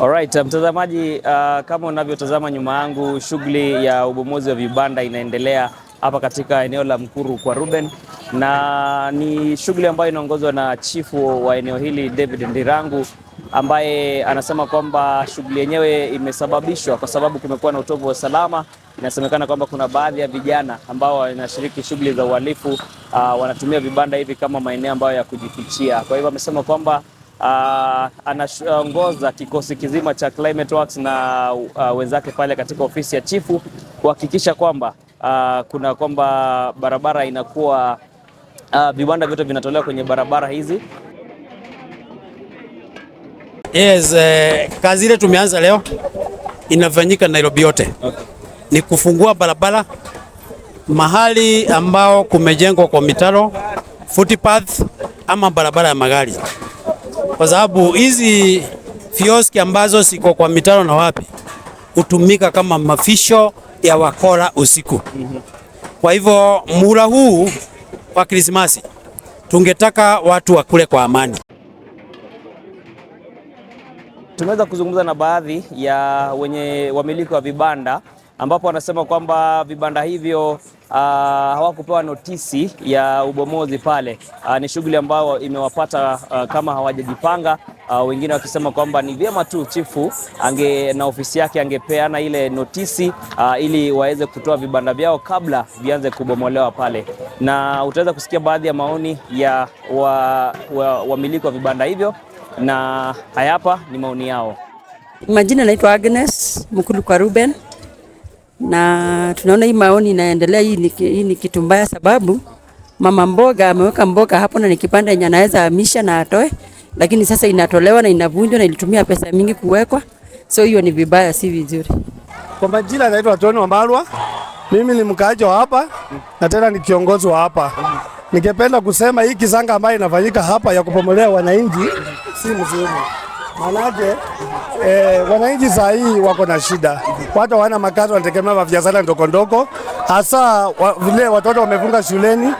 Alright, uh, mtazamaji, uh, kama unavyotazama nyuma yangu, shughuli ya ubomozi wa vibanda inaendelea hapa katika eneo la Mkuru kwa Ruben, na ni shughuli ambayo inaongozwa na chifu wa eneo hili David Ndirangu ambaye anasema kwamba shughuli yenyewe imesababishwa kwa sababu kumekuwa na utovu wa usalama. Inasemekana kwamba kuna baadhi ya vijana ambao wanashiriki shughuli za uhalifu uh, wanatumia vibanda hivi kama maeneo ambayo ya kujifichia. Kwa hivyo amesema kwamba uh, ah, anaongoza kikosi kizima cha Climate Works na uh, wenzake pale katika ofisi ya chifu kuhakikisha kwamba uh, kuna kwamba barabara inakuwa uh, vibanda vyote vinatolewa kwenye barabara hizi Yes, eh, kazi ile tumeanza leo inafanyika Nairobi yote. Okay. Ni kufungua barabara mahali ambao kumejengwa kwa mitaro, footpath ama barabara ya magari, kwa sababu hizi fioski ambazo siko kwa mitaro na wapi hutumika kama mafisho ya wakora usiku. Kwa hivyo mura huu wa Krismasi tungetaka watu wakule kwa amani. Tumeweza kuzungumza na baadhi ya wenye wamiliki wa vibanda ambapo wanasema kwamba vibanda hivyo uh, hawakupewa notisi ya ubomozi pale. Uh, ni shughuli ambayo imewapata uh, kama hawajajipanga. Uh, wengine wakisema kwamba ni vyema tu chifu ange na ofisi yake angepeana ile notisi uh, ili waweze kutoa vibanda vyao kabla vianze kubomolewa pale, na utaweza kusikia baadhi ya maoni ya wamiliki wa, wa, wa vibanda hivyo na haya hapa ni maoni yao. Majina naitwa Agnes Mkulu kwa Ruben, na tunaona hii maoni inaendelea. Hii ni, hii ni kitu mbaya, sababu mama mboga ameweka mboga hapo, na nikipanda yenye anaweza hamisha na atoe, lakini sasa inatolewa na inavunjwa na ilitumia pesa mingi kuwekwa, so hiyo ni vibaya, si vizuri. Kwa majina naitwa Tony Wambalwa, mimi ni mkaaji wa hapa na tena ni kiongozi wa hapa. Ningependa kusema hii kizanga ambayo inafanyika hapa ya kupomolea wananchi si mzuri. Manake eh, wananchi saa hii wako na shida, watu hawana makazi, wanategemea waviazana ndokondoko, hasa wa, vile watoto wamefunga shuleni,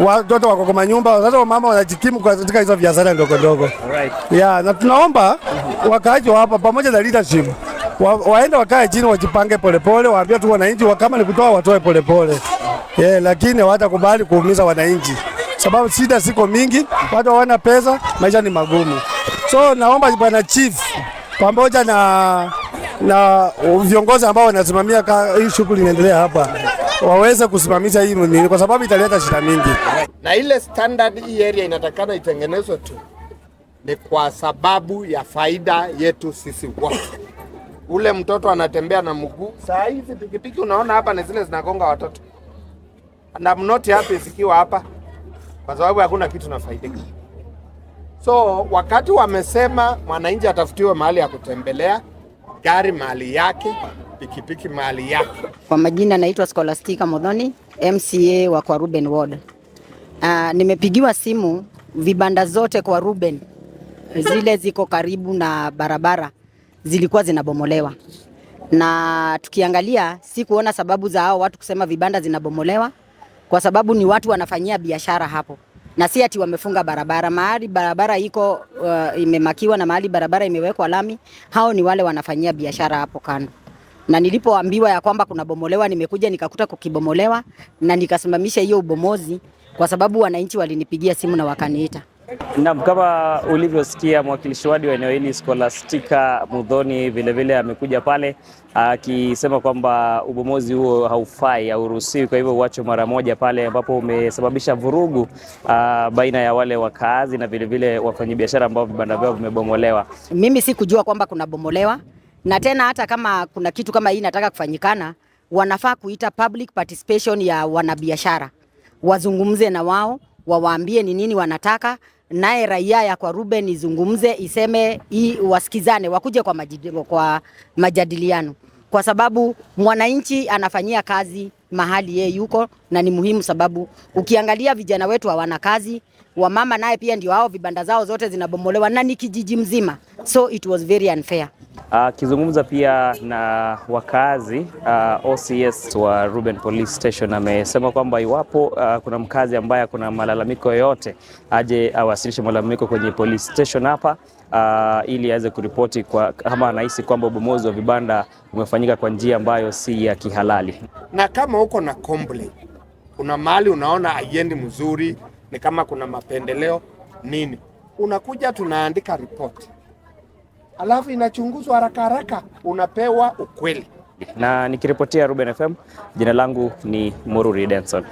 watoto wako kwa nyumba, sasa mama wanajikimu katika hizo viazana ndokondoko right. Yeah, na tunaomba wakaaji hapa pamoja na leadership wa, waende wakae chini wajipange polepole, waambie tu wananchi kama ni kutoa watoe polepole yeah, lakini hawatakubali kuumiza wananchi sababu shida ziko mingi, watu hawana pesa, maisha ni magumu. So naomba bwana chief pamoja na, na viongozi ambao wanasimamia hii shughuli inaendelea hapa waweze kusimamisha hii nini, kwa sababu italeta shida mingi, na ile standard hii area inatakana itengenezwe tu ni kwa sababu ya faida yetu sisi wote. Ule mtoto anatembea na mguu, saa hizi pikipiki unaona hapa ni zile zinagonga watoto, and I'm not happy zikiwa hapa, kwa sababu hakuna kitu na faida So wakati wamesema mwananchi atafutiwe mahali ya kutembelea, gari mahali yake, pikipiki mahali yake. Kwa majina naitwa Scholastica Modhoni, MCA wa kwa Ruben Ward. Uh, nimepigiwa simu vibanda zote kwa Ruben zile ziko karibu na barabara zilikuwa zinabomolewa, na tukiangalia si kuona sababu za hao watu kusema vibanda zinabomolewa, kwa sababu ni watu wanafanyia biashara hapo na si ati wamefunga barabara. Mahali barabara iko uh, imemakiwa na mahali barabara imewekwa lami, hao ni wale wanafanyia biashara hapo kando. Na nilipoambiwa ya kwamba kunabomolewa, nimekuja nikakuta kukibomolewa, na nikasimamisha hiyo ubomozi kwa sababu wananchi walinipigia simu na wakaniita. Naam, kama ulivyosikia mwakilishi wadi wa eneo hili Scholastica Mudhoni vilevile amekuja pale akisema kwamba ubomozi huo haufai, hauruhusiwi, kwa hivyo uacho mara moja pale ambapo umesababisha vurugu aa, ah, baina ya wale wakaazi na vilevile wafanyabiashara ambao vibanda vyao vimebomolewa. Mimi sikujua kwamba kunabomolewa, na tena hata kama kuna kitu kama hii nataka kufanyikana, wanafaa kuita public participation ya wanabiashara, wazungumze na wao, wawaambie ni nini wanataka naye raia ya kwa Ruben izungumze iseme hii, wasikizane wakuje kwa, majid, kwa majadiliano kwa sababu mwananchi anafanyia kazi mahali yeye yuko, na ni muhimu sababu ukiangalia vijana wetu hawana kazi, wamama naye pia ndio hao, vibanda zao zote zinabomolewa na ni kijiji mzima so it was very unfair. Akizungumza uh, pia na wakazi uh, OCS wa Ruben Police Station amesema kwamba iwapo uh, kuna mkazi ambaye kuna malalamiko yoyote aje awasilishe malalamiko kwenye police station hapa uh, ili aweze kuripoti kwa, kama anahisi kwamba ubomozi wa vibanda umefanyika kwa njia ambayo si ya kihalali. Na kama uko na complaint, kuna mali unaona haiendi mzuri, ni kama kuna mapendeleo nini, unakuja tunaandika ripoti alafu inachunguzwa haraka haraka, unapewa ukweli. Na nikiripotia Ruben FM, jina langu ni Mururi Denson.